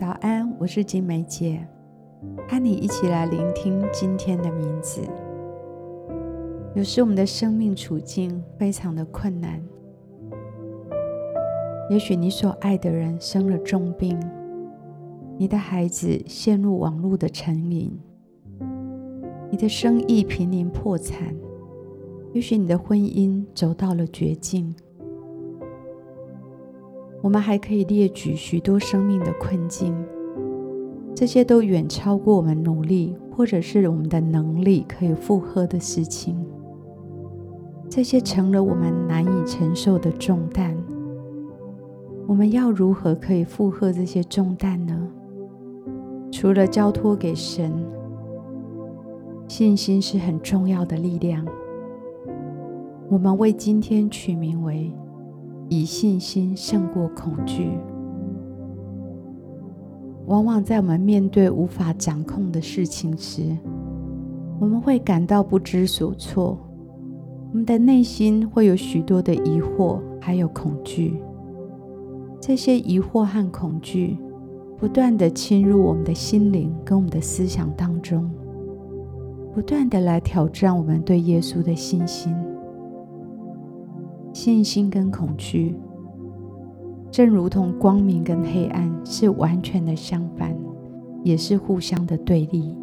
早安，我是晶玫姊，和你一起來聆聽今天的名字。有時我們的生命處境非常的困難，也許你所愛的人生了重病，你的孩子陷入網絡的成癮，你的生意瀕臨破產，也許你的婚姻走到了絕境。我們還可以列舉許多生命的困境，這些都遠超過我們努力或者是我們的能力可以負荷的事情。這些成了我們難以承受的重擔。我們要如何可以負荷這些重擔呢？除了交托給神，信心是很重要的力量。我們為今天取名為。以信心勝過恐懼。往往在我們面對無法掌控的事情時，我們會感到不知所措，我們的內心會有許多的疑惑，還有恐懼。這些疑惑和恐懼不斷地侵入我們的心靈跟我們的思想當中，不斷地來挑戰我們對耶穌的信心。信心跟恐懼，正如同光明跟黑暗是完全的相反，也是互相的對立。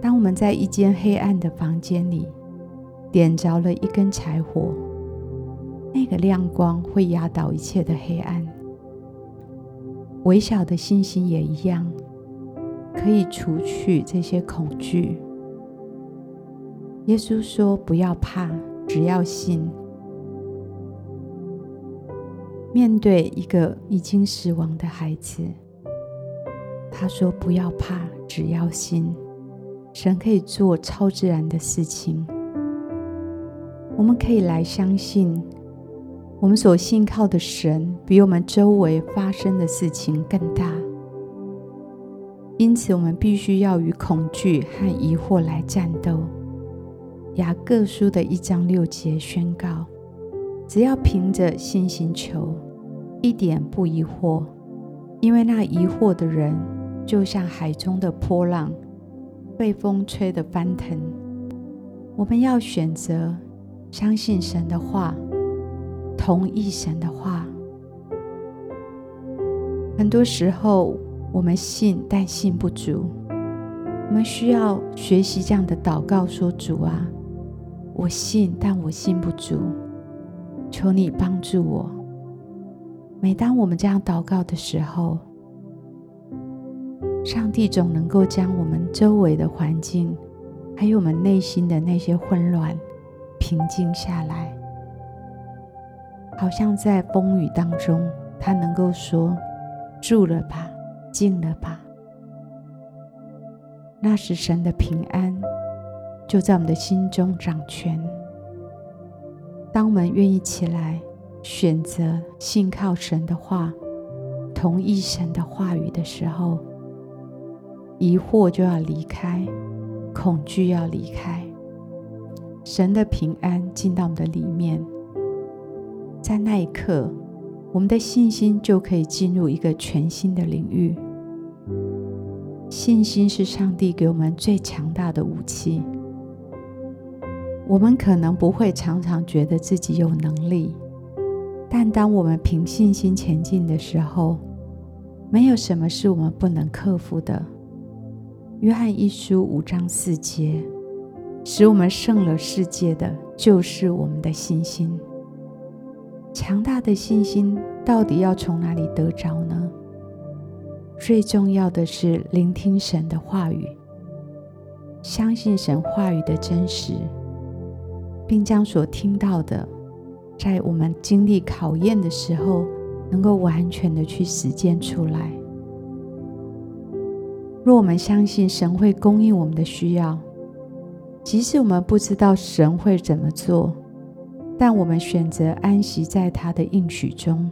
當我們在一間黑暗的房間裡點着了一根柴火，那個亮光會壓倒一切的黑暗。微小的信心也一樣，可以除去這些恐懼。耶穌說：“不要怕。”只要信，面對一個已經死亡的孩子，他說：“不要怕，只要信，神可以做超自然的事情。我們可以來相信，我們所信靠的神比我們周圍發生的事情更大。因此，我們必須要與恐懼和疑惑來戰鬥。”雅各書的一章六節宣告：只要憑着信心求，一點不疑惑，因為那疑惑的人就像海中的波浪，被風吹得翻騰。我們要選擇相信神的話，同意神的話。很多時候，我們信，但信不足。我們需要學習這樣的禱告：說主啊。我信，但我信不足，求你幫助我。每當我們這樣禱告的時候，上帝總能夠將我們周圍的環境，還有我們內心的那些混亂，平靜下來。好像在風雨當中，他能夠說：“住了吧，靜了吧。”那是神的平安。就在我們的心中掌權。當我們願意起來，選擇信靠神的話，同意神的話語的時候，疑惑就要離開，恐懼要離開，神的平安進到我們的裡面。在那一刻，我們的信心就可以進入一個全新的領域。信心是上帝給我們最強大的武器。我們可能不會常常覺得自己有能力，但當我們憑信心前進的時候，沒有什麼是我們不能克服的。約翰一書五章四節，使我們勝了世界的，就是我們的信心。強大的信心到底要從哪裡得着呢？最重要的是聆聽神的話語，相信神話語的真實。並將所聽到的，在我們經歷考驗的時候，能夠完全的去實踐出來。若我們相信神會供應我們的需要，即使我們不知道神會怎麼做，但我們選擇安息在他的應許中，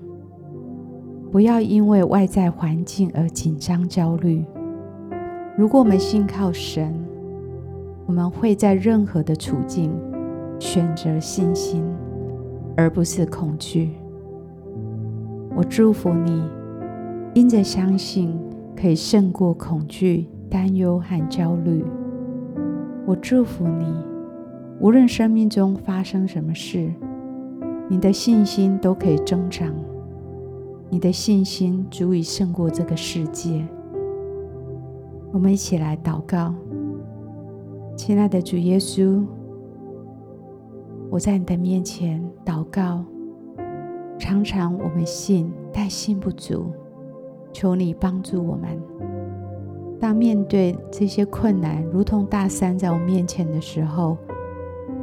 不要因為外在環境而緊張焦慮。如果我們信靠神，我們會在任何的處境。選擇信心，而不是恐懼。我祝福你，因着相信可以勝過恐懼、擔憂和焦慮。我祝福你，無論生命中發生什麼事，你的信心都可以增長，你的信心足以勝過這個世界。我們一起來禱告，親愛的主耶穌。我在你的面前禱告，常常我們信，但信不足。求你幫助我們。當面對這些困難，如同大山在我面前的時候，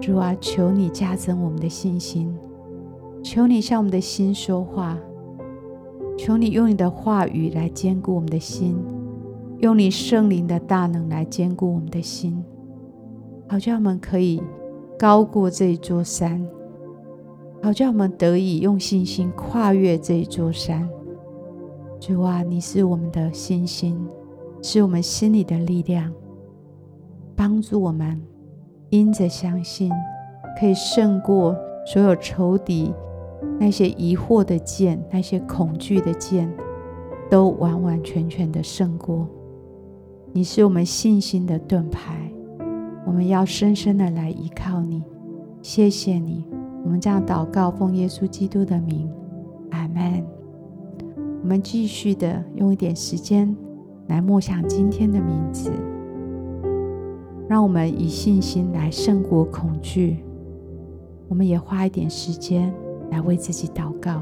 主啊，求你加增我們的信心。求你向我們的心說話。求你用你的話語來堅固我們的心，用你聖靈的大能來堅固我們的心，好叫我們可以。高過這一座山，好叫我們得以用信心跨越這一座山。主啊，你是我們的信心，是我們心裡的力量，幫助我們因着相信，可以勝過所有仇敵，那些疑惑的箭，那些恐懼的箭，都完完全全的勝過。你是我們信心的盾牌。我們要深深的來依靠你，謝謝你。我們這樣禱告，奉耶穌基督的名，阿門。我們繼續的用一點時間來默想今天的名字，讓我們以信心來勝過恐懼。我們也花一點時間來為自己禱告。